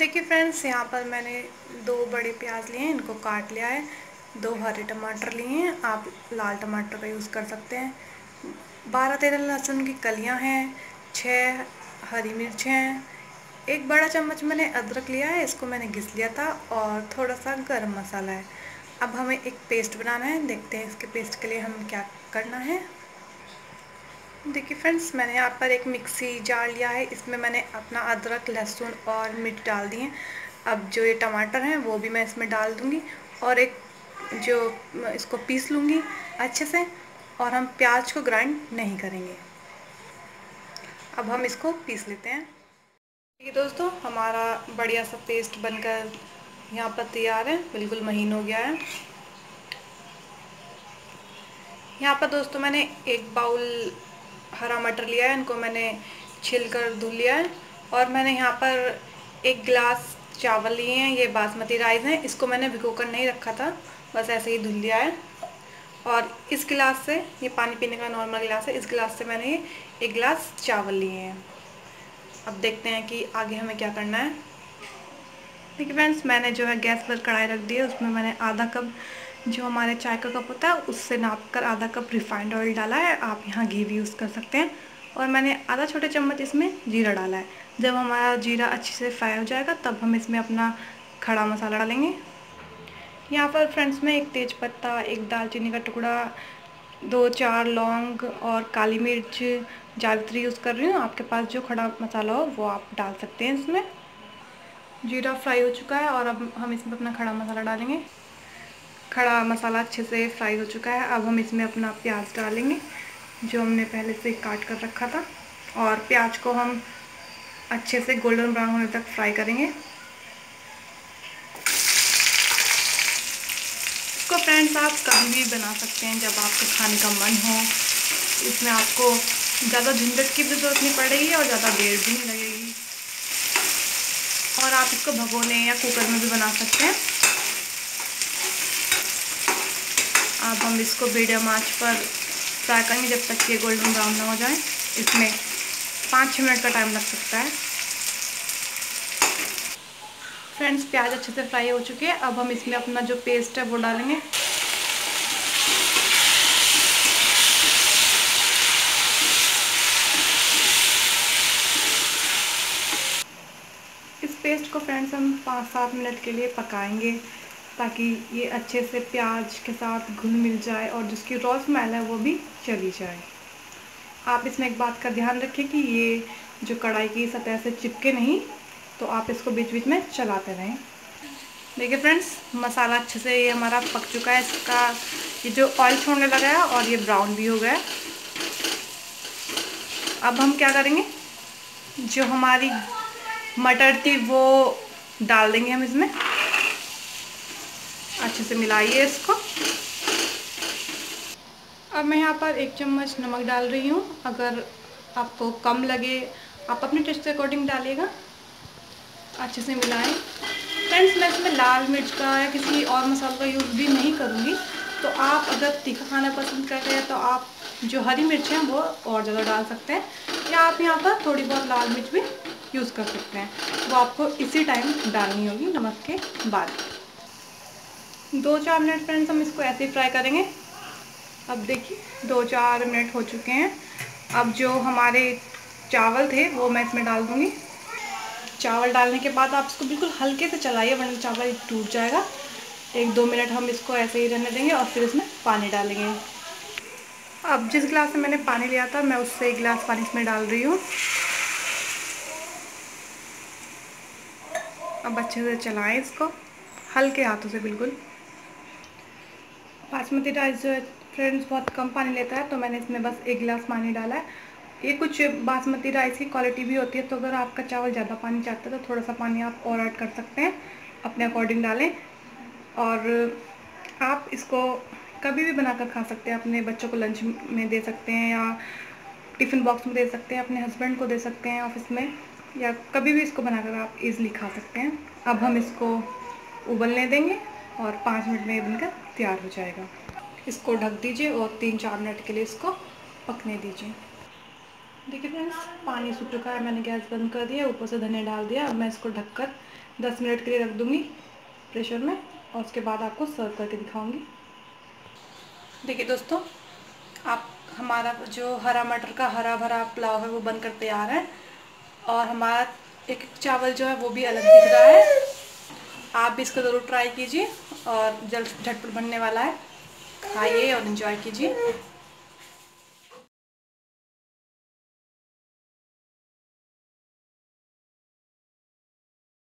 देखिए फ्रेंड्स यहाँ पर मैंने दो बड़े प्याज लिए हैं इनको काट लिया है दो हरे टमाटर लिए हैं आप लाल टमाटर का यूज़ कर सकते हैं बारह तेरह लहसुन की कलियाँ हैं छः हरी मिर्च हैं एक बड़ा चम्मच मैंने अदरक लिया है इसको मैंने घिस लिया था और थोड़ा सा गर्म मसाला है अब हमें एक पेस्ट बनाना है देखते हैं इसके पेस्ट के लिए हमें क्या करना है देखिए फ्रेंड्स मैंने यहाँ पर एक मिक्सी जार लिया है इसमें मैंने अपना अदरक लहसुन और मिर्च डाल दिए हैं अब जो ये टमाटर हैं वो भी मैं इसमें डाल दूँगी और एक जो इसको पीस लूँगी अच्छे से और हम प्याज को ग्राइंड नहीं करेंगे अब हम इसको पीस लेते हैं ठीक दोस्तों हमारा बढ़िया सा पेस्ट बनकर यहाँ पर तैयार है बिल्कुल महीन हो गया है यहाँ पर दोस्तों मैंने एक बाउल हरा मटर लिया है इनको मैंने छिल कर धुल लिया है और मैंने यहाँ पर एक गिलास चावल लिए हैं ये बासमती राइस हैं इसको मैंने भिगो कर नहीं रखा था बस ऐसे ही धुल लिया है और इस गिलास से ये पानी पीने का नॉर्मल गिलास है इस गिलास से मैंने एक गिलास चावल लिए हैं अब देखते हैं कि आगे हमें क्या करना है देखिए फ्रेंड्स मैंने जो है गैस पर कढ़ाई रख दी है उसमें मैंने आधा कप जो हमारे चाय का कप होता है उससे नाप कर आधा कप रिफाइंड ऑयल डाला है आप यहाँ घी भी यूज़ कर सकते हैं और मैंने आधा छोटे चम्मच इसमें जीरा डाला है जब हमारा जीरा अच्छे से फ्राई हो जाएगा तब हम इसमें अपना खड़ा मसाला डालेंगे यहाँ पर फ्रेंड्स में एक तेज पत्ता एक दालचीनी का टुकड़ा दो चार लौंग और काली मिर्च जावित्री यूज़ कर रही हूँ आपके पास जो खड़ा मसाला हो वो आप डाल सकते हैं इसमें जीरा फ्राई हो चुका है और अब हम इसमें अपना खड़ा मसाला डालेंगे खड़ा मसाला अच्छे से फ्राई हो चुका है अब हम इसमें अपना प्याज डालेंगे जो हमने पहले से काट कर रखा था और प्याज को हम अच्छे से गोल्डन ब्राउन होने तक फ्राई करेंगे इसको फ्रेंड्स आप कभी भी बना सकते हैं जब आपको खाने का मन हो इसमें आपको ज़्यादा झंझट की भी ज़रूरत नहीं पड़ेगी और ज़्यादा देर भी नहीं लगेगी और आप इसको भगोने या कुकर में भी बना सकते हैं अब हम इसको मीडियम आँच पर फ्राई करेंगे जब तक ये गोल्डन ब्राउन ना हो जाए इसमें पाँच छः मिनट का टाइम लग सकता है फ्रेंड्स प्याज अच्छे से फ्राई हो चुके हैं अब हम इसमें अपना जो पेस्ट है वो डालेंगे इस पेस्ट को फ्रेंड्स हम पाँच सात मिनट के लिए पकाएंगे ताकि ये अच्छे से प्याज के साथ घुल मिल जाए और जिसकी रॉ स्मेल है वो भी चली जाए आप इसमें एक बात का ध्यान रखें कि ये जो कढ़ाई की सतह से चिपके नहीं तो आप इसको बीच बीच में चलाते रहें देखिए फ्रेंड्स मसाला अच्छे से ये हमारा पक चुका है इसका ये जो ऑयल छोड़ने लगा है और ये ब्राउन भी हो गया अब हम क्या करेंगे जो हमारी मटर थी वो डाल देंगे हम इसमें अच्छे से मिलाइए इसको अब मैं यहाँ पर एक चम्मच नमक डाल रही हूँ अगर आपको कम लगे आप अपने टेस्ट के अकॉर्डिंग डालिएगा अच्छे से मिलाएं फ्रेंड्स मैं इसमें लाल मिर्च का या किसी और मसाले का यूज़ भी नहीं करूँगी तो आप अगर तीखा खाना पसंद कर रहे हैं तो आप जो हरी मिर्च हैं वो और ज़्यादा डाल सकते हैं या आप यहाँ पर थोड़ी बहुत लाल मिर्च भी यूज़ कर सकते हैं वो आपको इसी टाइम डालनी होगी नमक के बाद दो चार मिनट फ्रेंड्स हम इसको ऐसे ही फ्राई करेंगे अब देखिए दो चार मिनट हो चुके हैं अब जो हमारे चावल थे वो मैं इसमें डाल दूँगी चावल डालने के बाद आप इसको बिल्कुल हल्के से चलाइए वरना चावल टूट जाएगा एक दो मिनट हम इसको ऐसे ही रहने देंगे और फिर इसमें पानी डालेंगे अब जिस गिलास में मैंने पानी लिया था मैं उससे एक गिलास पानी इसमें डाल रही हूँ अब अच्छे से चलाएं इसको हल्के हाथों से बिल्कुल बासमती राइस जो है फ्रेंड्स बहुत कम पानी लेता है तो मैंने इसमें बस एक गिलास पानी डाला है ये कुछ बासमती राइस की क्वालिटी भी होती है तो अगर आपका चावल ज़्यादा पानी चाहता है तो थोड़ा सा पानी आप और ऐड कर सकते हैं अपने अकॉर्डिंग डालें और आप इसको कभी भी बनाकर खा सकते हैं अपने बच्चों को लंच में दे सकते हैं या टिफ़िन बॉक्स में दे सकते हैं अपने हस्बैंड को दे सकते हैं ऑफिस में या कभी भी इसको बनाकर आप इजली खा सकते हैं अब हम इसको उबलने देंगे और पाँच मिनट में ये बनकर तैयार हो जाएगा इसको ढक दीजिए और तीन चार मिनट के लिए इसको पकने दीजिए देखिए फ्रेंड्स पानी सूख चुका है मैंने गैस बंद कर दिया ऊपर से धनिया डाल दिया अब मैं इसको ढककर 10 मिनट के लिए रख दूँगी प्रेशर में और उसके बाद आपको सर्व करके दिखाऊँगी देखिए दोस्तों आप हमारा जो हरा मटर का हरा भरा पुलाव है वो बनकर तैयार है और हमारा एक चावल जो है वो भी अलग दिख रहा है आप भी इसको ज़रूर ट्राई कीजिए और जल्द झटपट बनने वाला है खाइए और इन्जॉय कीजिए